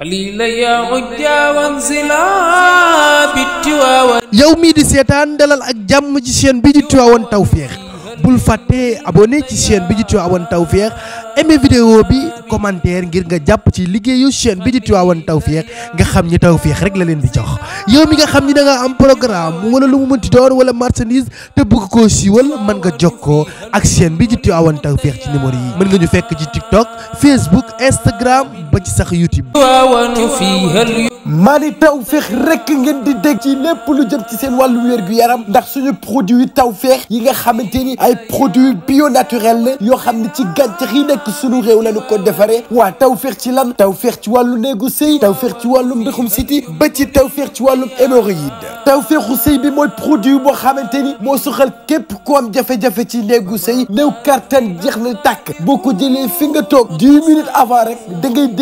yow mii di seetaan dalal ak jàmm ci chaîne bi di Tivaouane Tawfekh bul fàtte abonné ci chaîne bi di Tivaouane Tawfekh aimé vidéo bi commentaire ngir nga jàpp ci liggéeyu chaîne bi di Tivaouane Tawfekh nga xam ni Tawfekh rek la leen di jox yow mi nga xam ni da nga am programme wala lu mu mënti doon wala marchandise te bëgg koo siiwal mën nga jokkoo ak chaîne bi di Tivaouane Tawfekh ci numéro yi mën nga ñu fekk ci TikTok Facebook Instagram ba ci sax YouTube. maa ni rek ngeen di deg ci lepp lu jëm ci seen wër gu yaram ndax suñu produit Tawfekh yi nga xamanteni ay produit bio naturel la yoo xam ci gàncax yi nekk suñu rew lañu ko défaré wa Tawfekh ci lan Tawfekh ci walu negu sëy Tawfekh ci walu mbixum city ba ci Tawfekh ci walu hémorroïde Tawfekhu sëy bi moy produit bo xamanteni mo moo soxal képp ku am jafé jafé ci negu sëy néew carton jeex na tak boo ko fi nga tok 10 minutes avant rek da ngay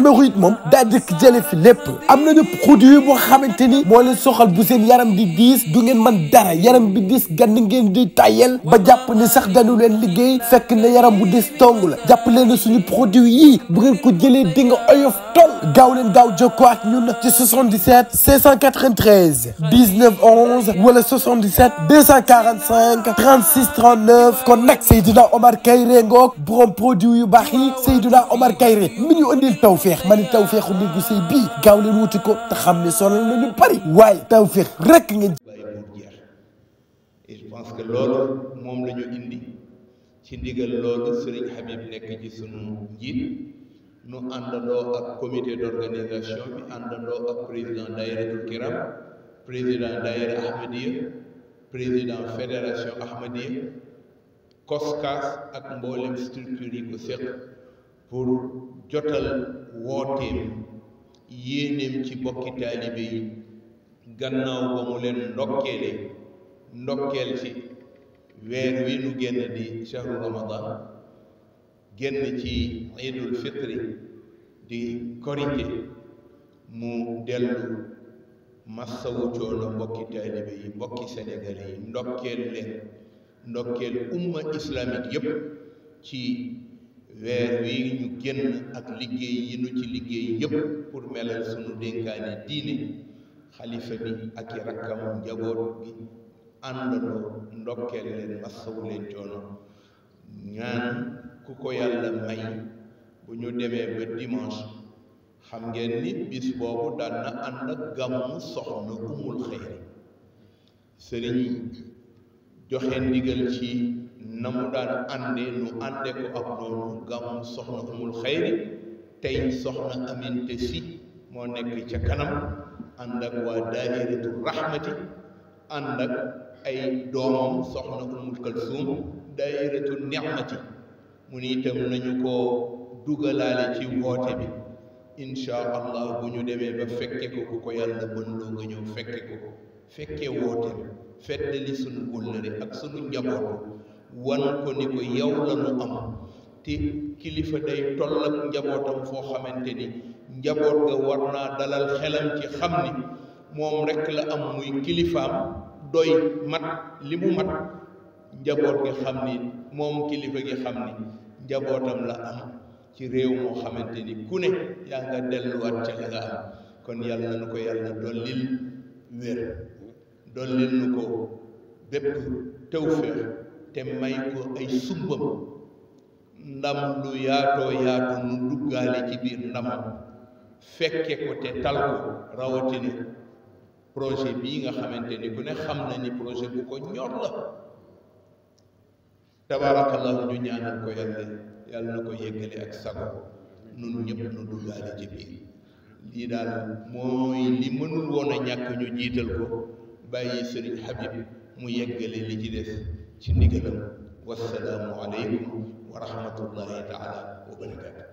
hémorroïde moom daa dëkk jële fi lépp produit boo xamante ni moo leen soxal bu seen yaram di diis du ngeen mën dara yaram bi diis gann ngeen di tayel ba jàpp ni sax dañu leen liggéey fekk na yaram bu diis tong la jàpp leen ne suñu produit yii bu ngeen ko jëlee di nga oyof tol gaaw leen gaaw jokkoo ak ñun ci 77 593 19 11 wala 77 245 36 39 kon nag Seydina Omar Kayre ngoog borom produit yu baax yi Seydina Omar Kayre mi ñu andil tawfeex توفيق ماني توفيق ولي غوسي بي غاولي موتيكو تا خامني سونال لو ني باري واي توفيق رك نجي ايش باسك لولو موم لا نيو اندي سي نديغال لولو سيرين حبيب نيك جي سونو نجيت نو اندالو اك كوميتي دورغانيزاسيون بي اندالو اك بريزيدان دايره الكرام بريزيدان دايره احمديه بريزيدان فيدراسيون احمديه كوسكاس اك مبولم ستركتور يي كو سيخ pour jotal wooteem yéeneem ci bokki taalibe yi gannaaw ba mu leen ndokkeele ndokkeel ci weer wi nu génn di shahru ramadan génn ci iidul fitri di korite mu dellu massawu coono mbokki taalibe yi mbokki sénégalais yi ndokkeel leen ndokkeel umma islamique yépp ci weer wii ñu génn ak liggéey yi nu ci liggéey yépp pour melal sunu dénkaane diine xalifa bi ak i rakkam njaboot bi àndandoo ndokkeel leen massawu leen coono ñaan ku ko yàlla may bu ñu demee ba dimanche xam ngeen ni bis boobu daan ànd ak gàmmu soxna umul xëyri sëriñ joxe ndigal ci na mu daan ànde nu ànde ko ak loolu gàmmu soxna umul xayri tey soxna aminte si moo nekk ca kanam ànd ak waa daahiratu rahmati ànd ak ay doomam soxna umul kalsuum daahiratu ni'mati mu ni itam nañu koo dugalaale ci woote bi incha allah bu ñu demee ba fekkee ko ku ko yàlla bën loo nga ñëw fekke ko fekke woote bi feddali sunu wëllëre ak sunu njaboot wan ko ni ko yow la nu am te kilifa day toll njabootam foo xamante ni njaboot ga war naa dalal xelam ci xam ni moom rekk la am muy kilifaam doy mat li mu mat njaboot gi xam ni moom kilifa gi xam ni njabootam la am ci réew moo xamante ni ku ne yaa nga delluwaat ca nga am kon yàlla na ko yàlla dollil wér dollil nu ko bépp tawféex te may ko ay sumbam ndam lu yaatoo yaatu nu duggaale ci biir ndamam fekke ko te tal ko rawatina projet bii nga xamante ni ku ne xam na ni projet bu ko ñor la tabarakallahu ñu ñaanal ko yàlla yàlla na ko yëggale ak sago nun ñëpp nu duggaale ci biir lii daal mooy li mënul woon ñàkk ñu jiital ko bàyyi Serigne Habib mu yeggale li ci des ci ndigalam wassalaamu alaykum wa rahmatullahi taala wa barakatuh